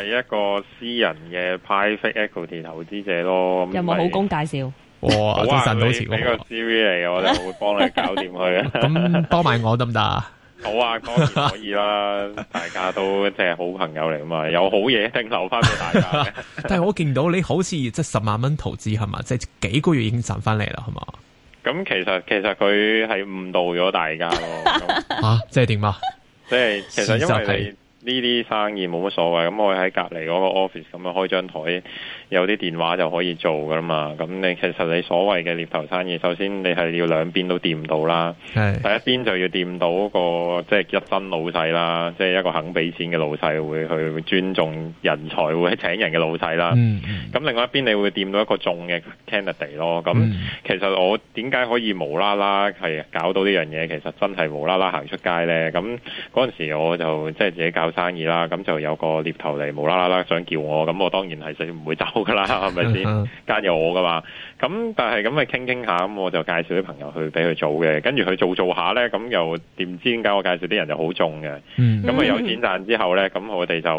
係一個私人嘅 private equity 投資者咯，有冇好工介紹？哇，我都賺到錢呢個 C V 嚟，嘅，我哋會幫你搞掂佢。咁幫埋我得唔得啊？好啊，當然可以啦！ 大家都即係好朋友嚟嘛，有好嘢一定留翻俾大家。 但係我見到你好似即係十萬蚊投資係嘛，即係、就是、幾個月已經賺翻嚟啦，係嘛？咁其實其實佢係誤導咗大家咯。吓，即係點啊？即係、啊、其實因為你。呢啲生意冇乜所謂，咁我喺隔離嗰個 office 咁啊，開張台。有啲電話就可以做噶嘛，咁你其實你所謂嘅獵頭生意，首先你係要兩邊都掂到啦，係，第一邊就要掂到個即係一真老細啦，即係一個肯俾錢嘅老細會去尊重人才，會請人嘅老細啦。咁另外一邊你會掂到一個重嘅 candidate 咯。咁其實我點解可以無啦啦係搞到呢樣嘢，其實真係無啦啦行出街咧。咁嗰陣時我就即係自己搞生意啦，咁就有個獵頭嚟無啦啦想叫我，咁我當然係先唔會走。噶啦，係咪先加入我噶嘛？咁但係咁咪傾傾下，咁我就介紹啲朋友去俾佢做嘅，跟住佢做做下呢，咁又點知點解我介紹啲人就好中嘅？咁啊有錢賺之後呢，咁我哋就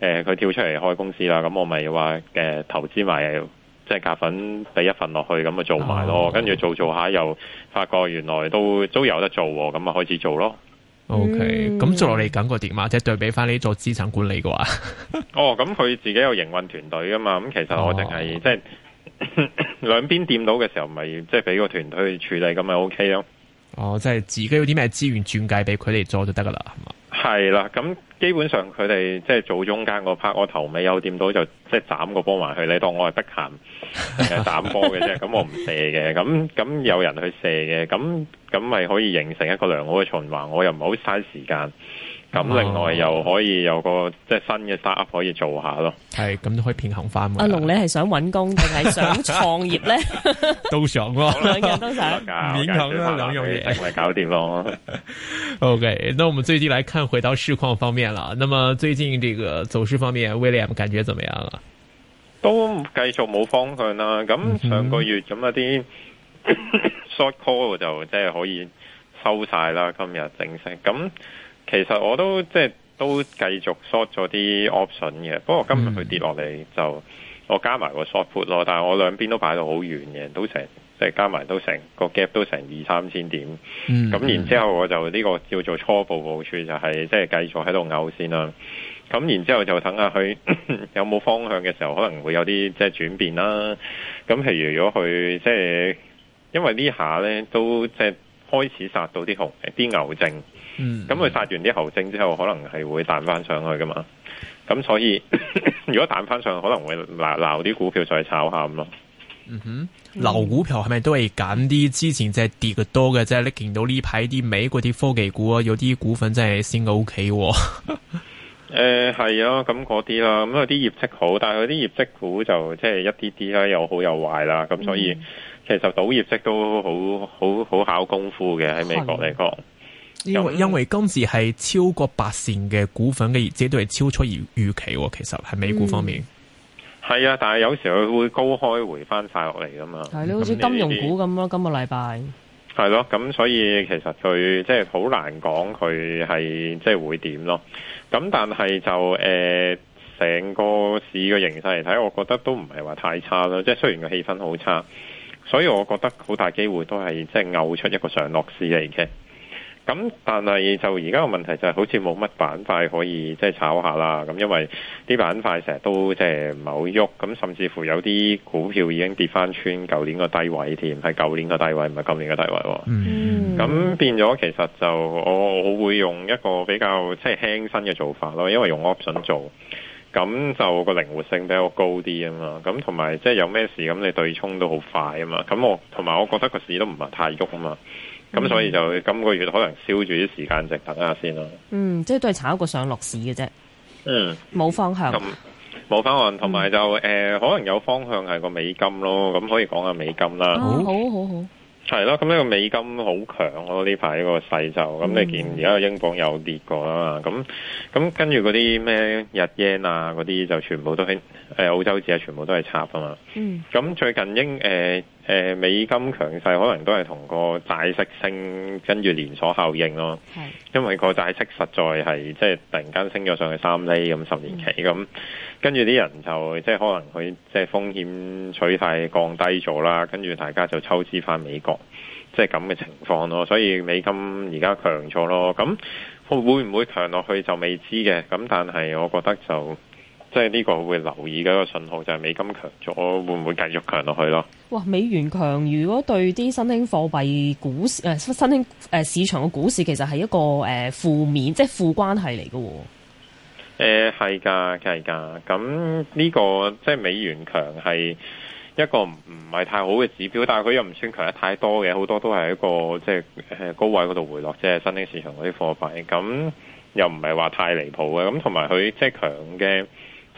誒，佢跳出嚟開公司啦，咁我咪話誒，投資埋即係夾份第一份落去，咁啊做埋咯，跟住做做下又發覺原來都都有得做，咁啊開始做咯。O K，咁坐落嚟感覺點呀？即係對比翻呢座資產管理嘅話， 哦，咁佢自己有營運團隊噶嘛。咁其實我淨係、哦、即係兩邊掂到嘅時候，咪即係俾個團隊去處理咁咪 O K 咯。OK、哦，即係自己有啲咩資源轉介俾佢哋做就得噶啦，係嘛？係啦，咁基本上佢哋即係做中間個 part，我頭尾有掂到就即係斬個波埋去，你當我係得閒斬波嘅啫，咁我唔射嘅。咁咁有人去射嘅，咁咁咪可以形成一個良好嘅循環。我又唔好嘥時間。咁另外又可以有個即係新嘅 start up 可以做下咯，係咁都可以平衡翻。阿龍、啊，龍你係想搵工定係想創業咧？ 都想啊，兩樣都想。兩樣嘢咪搞掂咯。 OK，咁我們最近來看回到市況方面啦。那麼最近呢個走勢方面，William 感覺怎麼樣啊？都繼續冇方向啦。咁上個月咁一啲 short call 就即係可以收晒啦。今日正式咁。其實我都即係都繼續 short 咗啲 option 嘅，不過今日佢跌落嚟就我加埋個 short put 咯，但係我兩邊都擺到好遠嘅，都成即係加埋都成個 gap 都成二三千點。咁、嗯、然之後我就呢、呢個叫做初步部署，就係，就係即係繼續喺度嘔先啦。咁然之後就等下佢 有冇方向嘅時候，可能會有啲即係轉變啦。咁譬如如果佢即係因為下呢下咧都即係開始殺到啲紅，啲牛證。嗯，咁佢殺完啲喉症之後，可能係會彈翻上去噶嘛。咁所以 如果彈翻上去，可能會鬧鬧啲股票再炒下咯。嗯哼，撈股票係咪都係揀啲之前即係跌嘅多嘅？即係、嗯、你見到呢排啲美國啲科技股啊，有啲股份真係先 OK。誒，係啊，咁嗰啲啦，咁有啲業績好，但係有啲業績股就即係一啲啲啦，又好又壞啦。咁所以其實賭業績都好好好，好考功夫嘅，喺美國嚟講。嗯因為因為今次係超過八成嘅股份嘅業績都係超出預預期，其實係美股方面係、嗯、啊。但係有時佢會高開回翻曬落嚟噶嘛係咯，好似金融股咁咯。你今個禮拜係咯，咁所以其實佢即係好難講，佢係即係會點咯。咁但係就誒，成、呃、個市嘅形勢嚟睇，我覺得都唔係話太差咯。即係雖然個氣氛好差，所以我覺得好大機會都係即係嘔出一個上落市嚟嘅。咁，但係就而家個問題就係好似冇乜板塊可以即係炒下啦。咁因為啲板塊成日都即係唔好喐，咁甚至乎有啲股票已經跌翻穿舊年個低位添，係舊年個低位唔係今年個低位。咁、嗯、變咗其實就我我會用一個比較即係、即係、輕身嘅做法咯，因為用 option 做，咁就個靈活性比較高啲啊嘛。咁同埋即係有咩事咁你對沖都好快啊嘛。咁我同埋我覺得個市都唔係太喐啊嘛。咁、mm. 所以就今個月可能燒住啲時間值等下先咯、啊。嗯，即係都係炒一個上落市嘅啫。嗯，冇方向。冇方向，同埋就誒、mm. 欸，可能有方向係個美金咯。咁可以講下美金啦、啊。好，好好好，係咯。咁呢個美金好強咯。呢排呢個勢就咁，你見而家英鎊又跌過、mm. 啊嘛。咁咁跟住嗰啲咩日 yen 啊嗰啲就全部都喺誒澳洲紙全部都係插啊嘛。嗯。咁最近英誒。呃誒、呃，美金強勢可能都係同個債息升跟住連鎖效應咯，的因為個債息實在係即係突然間升咗上去三厘咁十年期咁，跟住啲人就即係可能佢即係風險取費降低咗啦，跟住大家就抽資翻美國，即係咁嘅情況咯，所以美金而家強咗咯，咁會唔會強落去就未知嘅，咁但係我覺得就。即係呢個會留意嘅一個信號，就係美金強咗，會唔會繼續強落去咯？哇！美元強，如果對啲新興貨幣股市誒、呃、新興誒、呃、市場嘅股市，其實係一個誒、呃、負面，即係負關係嚟嘅。誒係噶，係噶。咁呢、嗯呢個即係美元強係一個唔係太好嘅指標，但係佢又唔算強得太多嘅，好多都係一個即係誒高位嗰度回落即啫。新興市場嗰啲貨幣，咁、嗯、又唔係話太離譜嘅。咁同埋佢即係強嘅。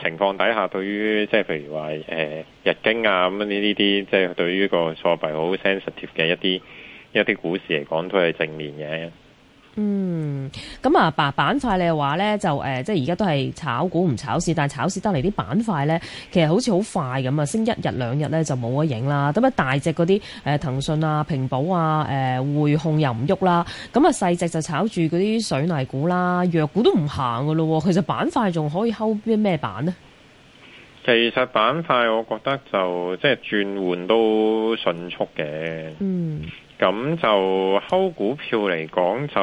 情況底下，對於即係譬如話誒日經啊，咁樣呢呢啲，即係對於個貨幣好 sensitive 嘅一啲一啲股市嚟講，都係正面嘅。嗯，咁啊，白板塊你話呢，就誒、呃，即係而家都係炒股唔炒市，但係炒市得嚟啲板塊呢，其實好似好快咁啊，升一日兩日呢，就冇得影啦。咁、呃、啊，大隻嗰啲誒，騰訊啊、平保啊、誒滙控又唔喐啦。咁、嗯、啊，細隻就炒住嗰啲水泥股啦，藥股都唔行噶咯。其實板塊仲可以 hold 咩板呢？其實板塊我覺得就即係轉換都迅速嘅。嗯。咁就拋股票嚟講，就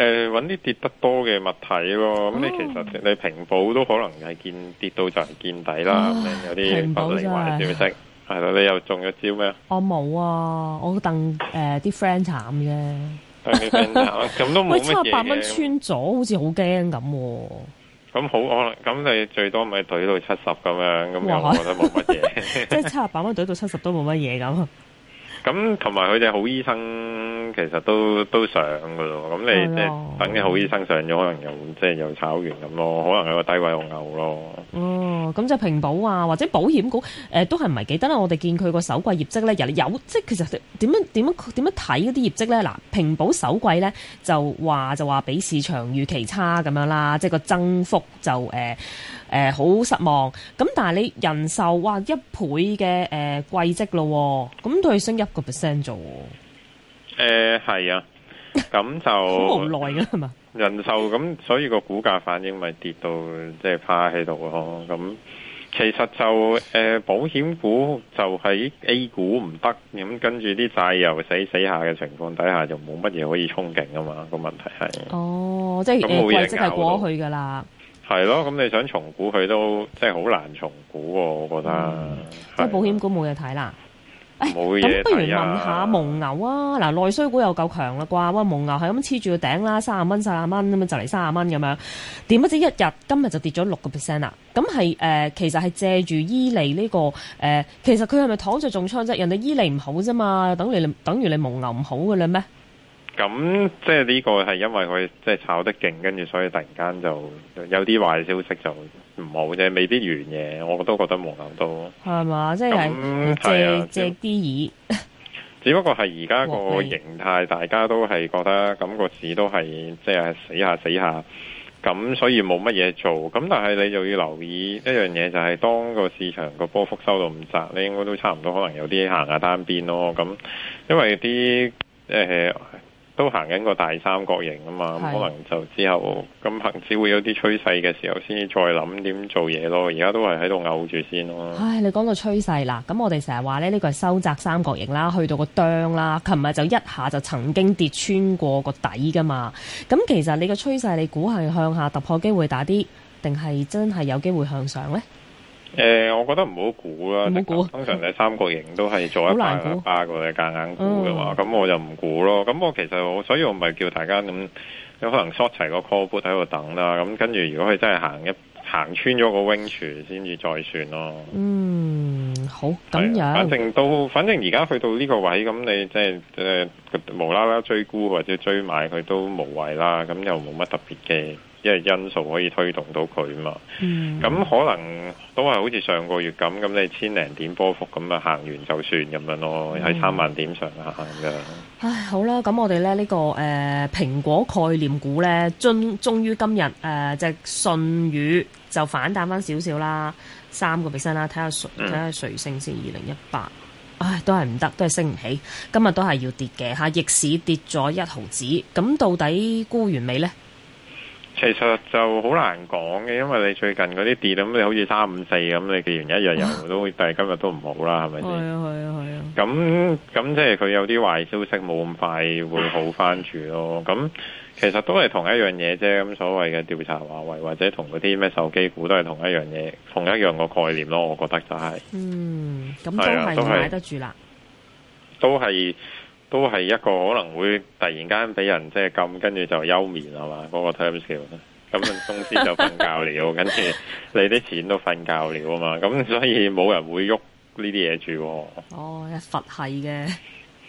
誒揾啲跌得多嘅物體咯。咁你其實你平保都可能係見跌到就見底啦、啊、有啲、啊、保得嚟話點識係咯，你又中咗招咩？我冇啊，我替誒啲 friend 慘嘅，咁、呃、 都冇乜嘢，七十八蚊穿咗，好似好驚咁。咁好可能，咁你最多咪懟到七十咁樣，咁我覺得冇乜嘢，哇 即係七十八蚊懟到七十都冇乜嘢咁。咁同埋佢哋好醫生，其實都都上噶咯。咁你即係等啲好醫生上咗，可能又即係又炒完咁咯。可能係個低位又牛咯。哦、嗯，咁就平保啊，或者保險股誒、呃，都係唔係幾得啦？我哋見佢個首季業績咧，有有即係其實點樣點樣點樣睇嗰啲業績咧？嗱，平保首季咧就話就話比市場預期差咁樣啦，即係個增幅就誒。呃誒，好、呃、失望。咁但係你人壽哇一倍嘅誒季績咯，咁、呃、都係升一個 percent 做。誒係、呃、啊，咁就好無奈噶係嘛。 人壽咁所以個股價反應咪跌到即係、就是、趴喺度咯。咁其實就誒、呃、保險股就喺 A 股唔得，咁跟住啲債又死死下嘅情況底下，就冇乜嘢可以憧憬噶嘛。個問題係哦，即係誒季績係過咗去噶啦。呃係咯，咁你想重估佢都即係好難重估、啊，我覺得。即係、嗯、的保險股冇嘢睇啦。冇嘢睇啊咁不如問,問下蒙牛啊，嗱，內需股又夠強啦啩？哇，蒙牛係咁黐住個頂啦，三啊蚊、三啊蚊咁樣就嚟三啊蚊咁樣，點不知一日今日就跌咗六個 percent 啦？咁係誒，其實係借住伊利呢、這個誒、呃，其實佢係咪躺着中槍啫？人哋伊利唔好啫嘛，等你等於你蒙牛唔好嘅啦咩？咁即係呢個係因為佢即係炒得勁，跟住所以突然間就有啲壞消息就唔好啫，未必完嘢。我都覺得望唔到。係嘛，即係那借、啊、借啲耳。只不過係而家個形態， 大家都係覺得咁、那個市都係即係死下死下，咁所以冇乜嘢做。咁但係你就要留意一樣嘢，就係、是、當個市場個波幅收到咁窄，你應該都差唔多可能有啲行下單邊咯。咁因為啲誒。呃都行緊個大三角形啊嘛，的可能就之後咁恒指會有啲趨勢嘅時候，先至再諗點做嘢咯。而家都係喺度嘔住先咯。唉，你講到趨勢嗱，咁我哋成日話咧，呢個係收窄三角形啦，去到個檔啦，琴日就一下就曾經跌穿過個底噶嘛。咁其實你個趨勢你估係向下突破機會大啲，定係真係有機會向上呢？誒，我覺得唔好估啦。通常你三角形都係做一個加嘅夾硬估嘅話，咁我就唔估咯。咁我其實我，所以我咪叫大家咁，有可能 short 齊個 call put 喺度等啦。咁跟住，如果佢真係行一行穿咗個 wing chart 先至再算咯。嗯，好咁樣。反正到，反正而家去到呢個位，咁你即係誒無啦啦追沽或者追買佢都無謂啦。咁又冇乜特別嘅。因為因素可以推動到佢嘛？嗯，咁可能都係好似上個月咁，咁你千零點波幅咁啊，行完就算咁樣咯，喺、嗯、三萬點上下行嘅。唉，好啦，咁我哋咧呢、呢個誒、呃、蘋果概念股咧，終終於今日誒隻舜宇就反彈翻少少啦，三個 percent 啦，睇下瑞睇下瑞聲先二零一八，2018，唉，都係唔得，都係升唔起，今日都係要跌嘅嚇，逆市跌咗一毫子，咁到底沽完未呢？其實就好難講嘅，因為你最近嗰啲跌咁，你好似三五四咁，你既然一日有都，但係今日都唔好啦，係咪先？係啊，係啊，係啊。咁咁、啊、即係佢有啲壞消息，冇咁快會好翻住咯。咁其實都係同一樣嘢啫。咁所謂嘅調查華為，或者同嗰啲咩手機股都係同一樣嘢，同一樣個概念咯。我覺得就係、是。嗯，咁都係買得住啦、啊。都係。都都係一個可能會突然間俾人即係撳，跟住就休眠係嘛？嗰、嗰個 time 咁啊，公司就瞓覺了，跟住 你啲錢都瞓覺了啊嘛？咁所以冇人會喐呢啲嘢住。哦，佛系嘅，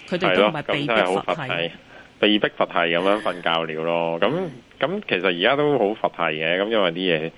佢哋同埋被逼佛，佛系，被逼佛系咁樣瞓覺了咯。咁咁 其實而家都好佛系嘅，咁因為啲嘢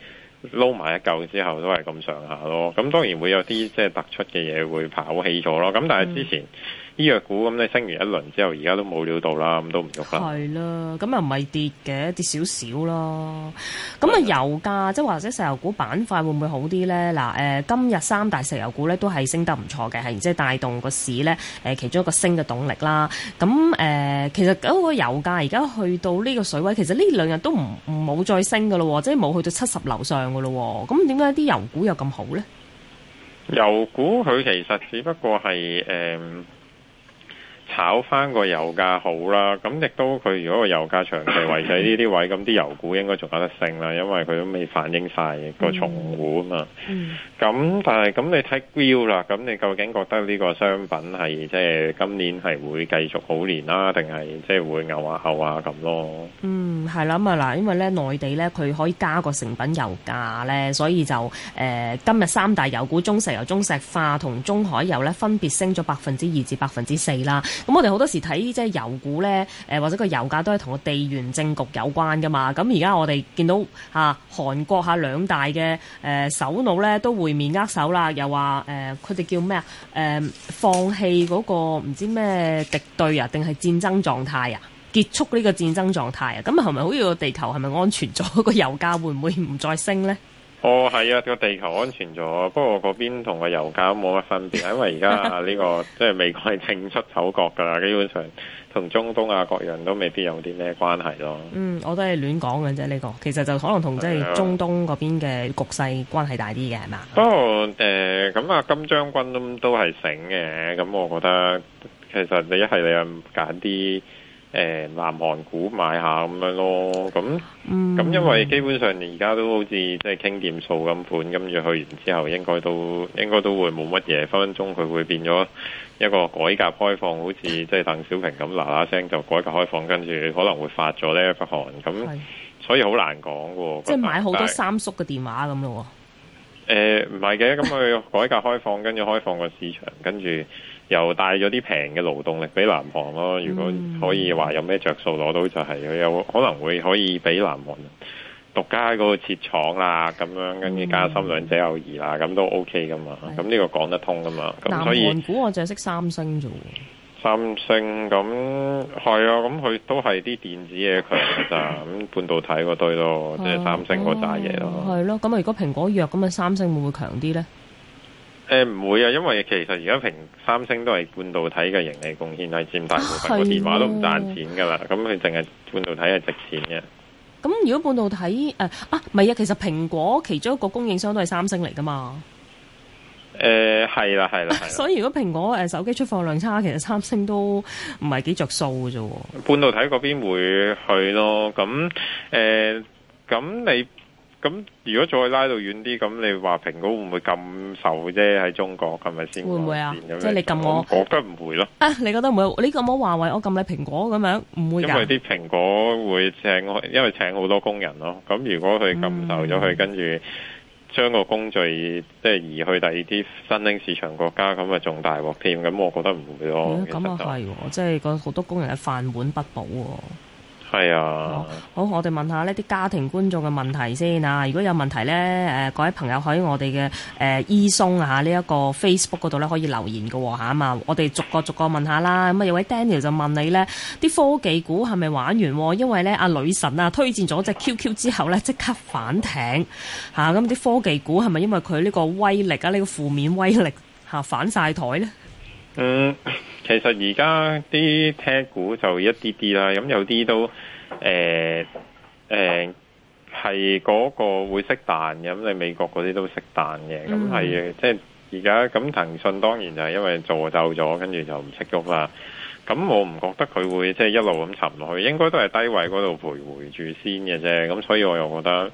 撈埋一嚿之後都係咁上下咯。咁當然會有啲即係突出嘅嘢會跑起咗咯。咁但係之前。 醫藥股咁，咧，升完一輪之後，而家都冇料到啦，咁都唔喐啦。係啦，咁又唔係跌嘅，跌少少咯。咁啊，油價即係或者石油股板塊會唔會好啲咧？嗱，誒，今日三大石油股咧都係升得唔錯嘅，係，即係帶動個市咧，誒，其中一個升嘅動力啦。咁誒，其實嗰個油價而家去到呢個水位，其實呢兩日都唔冇再升噶咯，即係冇去到七十樓上噶咯。咁點解啲油股又咁好咧？油股佢其實只不過係誒。炒翻個油價好啦，咁亦都佢如果個油價長期維持呢啲位，位，咁啲 油股應該仲有得升啦，因為佢都未反映晒個重估啊嘛。咁、嗯嗯、但係咁你睇 view 啦，咁你究竟覺得呢個商品係即係今年係會繼續好年啦、啊，定係即係會牛下後啊咁咯？嗯，係啦，咪嗱，因為咧內地咧佢可以加個成品油價咧，所以就誒、呃、今日三大油股中石油、中石化同中海油咧分別升咗百分之二至百分之四啦。咁我哋好多時睇即係油股呢，誒、呃、或者個油價都係同個地緣政局有關噶嘛。咁而家我哋見到嚇、啊、韓國下兩大嘅誒首腦呢，都會面握手啦，又話誒佢哋叫咩啊？誒、呃、放棄嗰、那個唔知咩敵對啊，定係戰爭狀態啊？結束呢個戰爭狀態啊？咁係咪好似個地球係咪安全咗？個 油價會唔會唔再升呢？哦，係啊，個地球安全咗，不過嗰邊同個油價都冇乜分別，因為而家呢個 即係美國係整出丑角噶啦，基本上同中東啊各樣都未必有啲咩關係咯。嗯，我都係亂講嘅啫，呢、這個其實就可能同、嗯、即係中東嗰邊嘅局勢關係大啲嘅係嘛？不過誒，咁啊、呃、金將軍都都係醒嘅，咁、嗯、我覺得其實你一係你又揀啲。誒、呃、南韓股買下咁樣咯，咁咁、嗯、因為基本上而家都好似即係傾掂數咁款，跟住去完之後應該都應該都會冇乜嘢，分分鐘佢會變咗一個改革開放，好似即係鄧小平咁嗱嗱聲就改革開放，跟住可能會發咗呢北韓，咁是所以好難講喎。即係買好多三叔嘅電話咁咯。誒唔係嘅，咁佢改革開放，跟住開放個市場，跟住。又帶咗啲平嘅勞動力俾南韓咯，如果可以話有咩着數攞到，就係佢有可能會可以俾南韓獨家嗰個設廠啦，咁樣跟住加深兩者友誼啊，咁都 OK 噶嘛，咁呢的個講得通噶嘛。南韓估我就係識三星啫喎。三星咁係啊，咁佢都係啲電子嘢強噶咋，咁 半導體嗰堆， 堆咯，即係三星嗰扎嘢咯。係咯，咁啊如果蘋果弱咁啊，三星會唔會強啲咧？誒，唔會啊，因為其實而家蘋三星都係半導體嘅盈利貢獻係佔大部分，個電話都唔賺錢噶啦，咁佢淨係半導體係值錢嘅。咁如果半導體誒啊，唔係啊，其實蘋果其中一個供應商都係三星嚟噶嘛。誒，係啦，係啦，所以如果蘋果誒手機出貨量差，其實三星都唔係幾着數嘅啫。半導體嗰邊會去咯，咁誒，咁你。咁如果再拉到遠啲，咁你話蘋果會唔會咁受啫？喺中國係咪先？會唔會啊？我想即係你撳我，我覺得唔會咯。啊，你覺得唔會？你撳我華為，我撳你蘋果咁樣，唔會噶。因為啲蘋果會請，因為請好多工人咯。咁如果佢咁受咗，佢跟住將個工序即係移去第二啲新興市場國家，咁咪仲大鑊添？咁我覺得唔會咯。咁、哎就是、啊係，即係好多工人嘅飯碗不保、啊。係啊、哎，好，我哋問下呢啲家庭觀眾嘅問題先啊！如果有問題呢，誒、呃，各位朋友喺我哋嘅誒伊松啊呢一、這個 Facebook 嗰度咧可以留言嘅吓、哦、啊我哋逐個逐個問下啦。咁、嗯、啊有位 Daniel 就問你呢啲科技股係咪玩完？因為呢，阿女神啊推薦咗隻 QQ 之後呢，即刻反艇吓，咁、啊、啲科技股係咪因為佢呢個威力啊呢個負面威力吓、啊、反晒台呢？嗯，其實而家啲聽股就一啲啲啦，咁有啲都，誒誒係嗰個會識彈嘅，咁你美國嗰啲都識彈嘅，咁係嘅，即係而家咁騰訊當然就係因為造就咗，跟住就唔識喐啦。咁我唔覺得佢會即係一路咁沉落去，應該都係低位嗰度徘徊住先嘅啫。咁所以我又覺得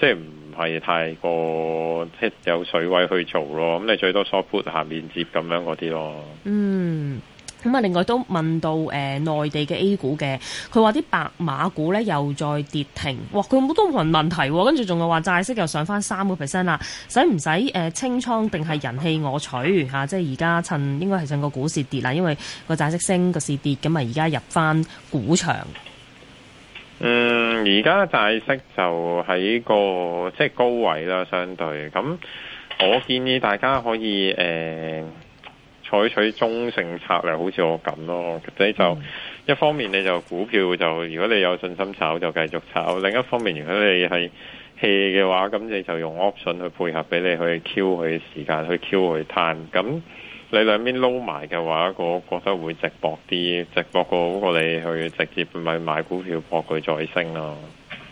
即係唔係太過即係有水位去做咯。咁你最多 short put 下面接咁樣嗰啲咯。嗯。咁啊，另外都問到誒、呃、內地嘅 A 股嘅，佢話啲白馬股咧又再跌停，哇！佢冇多冇人問題喎、啊，跟住仲有話債息又上翻三個 percent 啦，使唔使誒清倉定係人棄我取嚇、啊？即係而家趁應該係趁個股市跌啦，因為個債息升，個市跌咁啊，而家入翻股場。嗯，而家債息就喺個即係高位啦，相對。咁我建議大家可以誒。呃採取中性策略，好似我咁咯。所以就、嗯、一方面你就股票就如果你有信心炒就繼續炒；另一方面，如果你係 hea 嘅話，咁你就用 option 去配合，俾你去 Q 佢時間去 Q 佢攤。咁你兩邊撈埋嘅話，我覺得會直博啲，直博過過你去直接咪買股票博佢再升咯。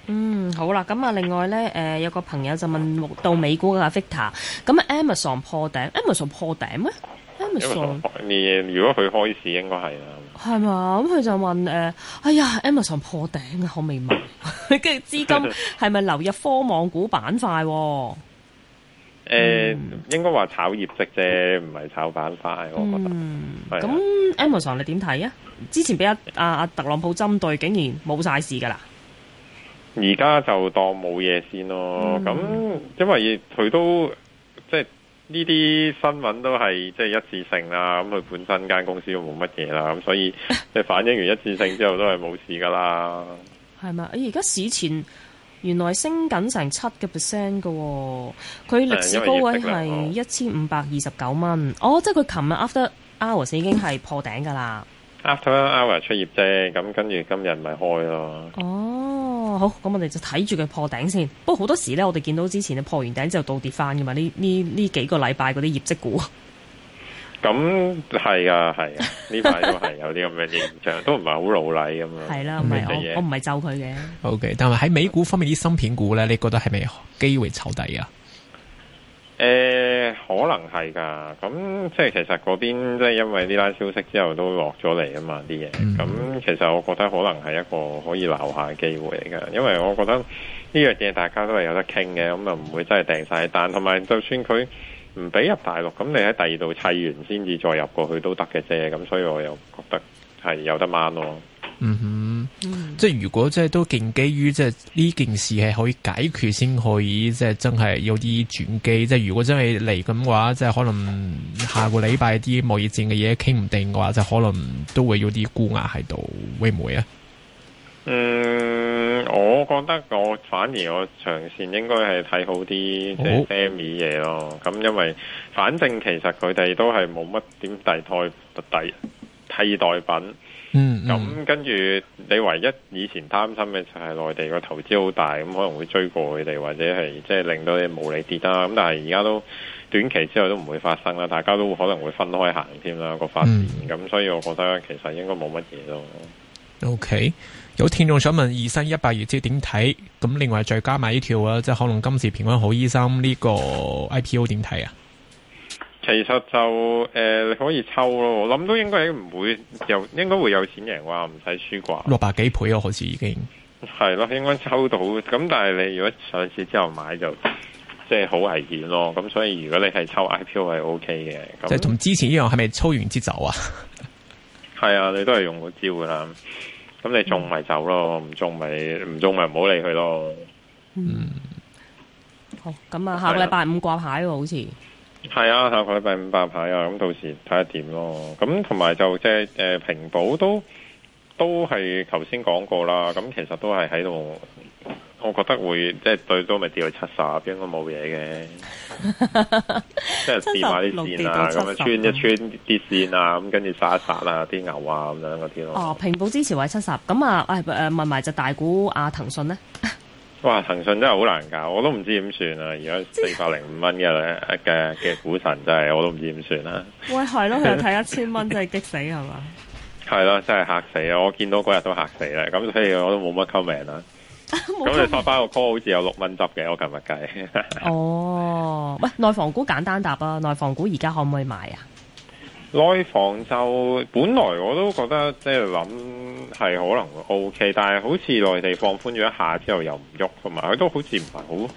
嗯，好啦，咁啊，另外咧，誒、呃、有個朋友就問到美股嘅阿 Ficta，咁啊 Amazon 破頂，Amazon 破頂咩？Amazon，如果佢開始應該係啦。係嘛，咁佢就問誒、呃，哎呀，Amazon 破頂啊，好迷茫，跟住資金係咪流入科網股板塊？誒、呃，嗯、應該話炒業績啫，唔係炒板塊。我覺得。咁 Amazon 你點睇啊？之前俾阿阿阿特朗普針對，竟然冇晒事噶啦。而家就當冇嘢先咯。咁、嗯、因為佢都即係。呢啲新聞都係即係一次性啦，咁佢本身間公司都冇乜嘢啦，咁所以即係反映完一次性之後都係冇事噶啦。係咪？ 而家市前原來升緊成七個 percent 㗎喎，佢、哦、歷史高位係一千五百二十九蚊。哦，oh，即係佢琴日 after hours 已經係破頂噶啦。After hours 出業績。咁跟住今日咪開咯。哦。好，咁、哦、我哋就睇住佢破頂先。不過好多時咧，我哋見到之前你破完頂之後倒跌翻噶嘛。呢呢呢幾個禮拜嗰啲業績股，咁係啊係啊，呢排都係有啲咁嘅現象， 都唔係好老禮咁啊。係啦，唔係我唔係咒佢嘅。O、okay, K，但係喺美股方面啲芯片股咧，你覺得係咪機會抄底啊？誒、呃，可能係噶，咁、嗯、即係其實嗰邊即係因為呢單消息之後都落咗嚟啊嘛啲嘢，咁其實我覺得可能係一個可以留下嘅機會嚟噶，因為我覺得呢樣嘢大家都係有得傾嘅，咁又唔會真係訂晒單，同埋就算佢唔俾入大陸，咁你喺第二度砌完先至再入過去都得嘅啫，咁、嗯、所以我又覺得係有得掹咯。嗯哼，即係如果即係都建基於即係呢件事係可以解決先可以即係真係有啲轉機，即係如果真係嚟咁嘅話，即係可能下個禮拜啲貿易戰嘅嘢，傾唔定嘅話，就可能都會有啲沽壓喺度，會唔會啊？嗯，我覺得我反而我長線應該係睇好啲即係 semi 嘢咯，咁好因為反正其實佢哋都係冇乜點替代替替代品。嗯，咁跟住你唯一以前擔心嘅就係內地個投資好大，咁可能會追過佢哋，或者係即係令到你無理跌啦。咁但係而家都短期之後都唔會發生啦，大家都可能會分開行添啦，個發展。咁、嗯、所以我覺得其實應該冇乜嘢咯。OK，有聽眾想問二三一八月資點睇？咁另外再加埋呢條啊，即係可能今次平安好醫生呢個 I P O 點睇啊？其實就誒、呃，可以抽咯，我諗都應該唔會，又應該會有錢贏啩，唔使輸啩。六百幾倍啊，我好似已經係咯，應該抽到。咁但係你如果上市之後買就，即係好危險咯。咁所以如果你係抽 IPO 係 OK 嘅，即係同之前一樣，係咪抽完之走啊？係 啊，你都係用個招噶啦。咁你中咪走咯，唔中咪唔中咪唔好理佢咯。嗯。好，咁啊，下個禮拜五掛牌喎，好似。係啊，下個禮拜五八排啊，咁到時睇下點咯。咁同埋就即係誒平保都都係頭先講過啦。咁其實都係喺度，我覺得會即係最多咪跌去七十，應該冇嘢嘅。即係跌埋啲線啊，咁樣穿一穿啲線啊，咁跟住殺一殺啊，啲牛啊咁樣嗰啲咯。哦，平保支持位七十，咁啊誒誒、啊啊、問埋隻大股啊騰訊咧。騰訊呢 哇！騰訊真係好難搞，我都唔知點算啊！而家四百零五蚊嘅咧嘅嘅股神真係我都唔知點算啦。 喂，係咯，佢又睇一千蚊， 真係激死係嘛？係啦，真係嚇死啊！我見到嗰日都嚇死啦，咁所以我都冇乜 comment 啦。咁 你發返個 call 好似有六蚊執嘅，我琴日計。 哦，喂，內房股簡單答啊！內房股而家可唔可以買啊？內房就，本來我都覺得即係諗係可能會 OK，但係好似內地放寬咗一下之後又唔喐，同埋佢都好似唔係好。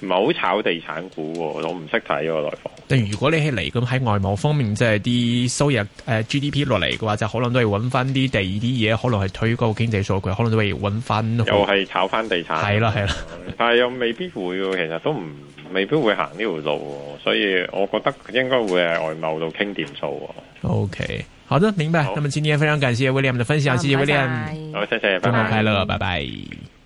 唔好炒地產股，我唔識睇喎內房。但如果你係嚟咁喺外貿方面，即係啲收入誒 GDP 落嚟嘅話，就可能都係揾翻啲第二啲嘢，可能係推高經濟數據，可能都會揾翻。又係炒翻地產。係啦係啦，但係又未必會，其實都唔未必會行呢條路，所以我覺得應該會係外貿度傾點數。OK，好的，明白。好那麼今天非常感謝 William 的分享，啊、謝謝 William，多謝，謝，新年快樂，拜拜。拜拜拜拜。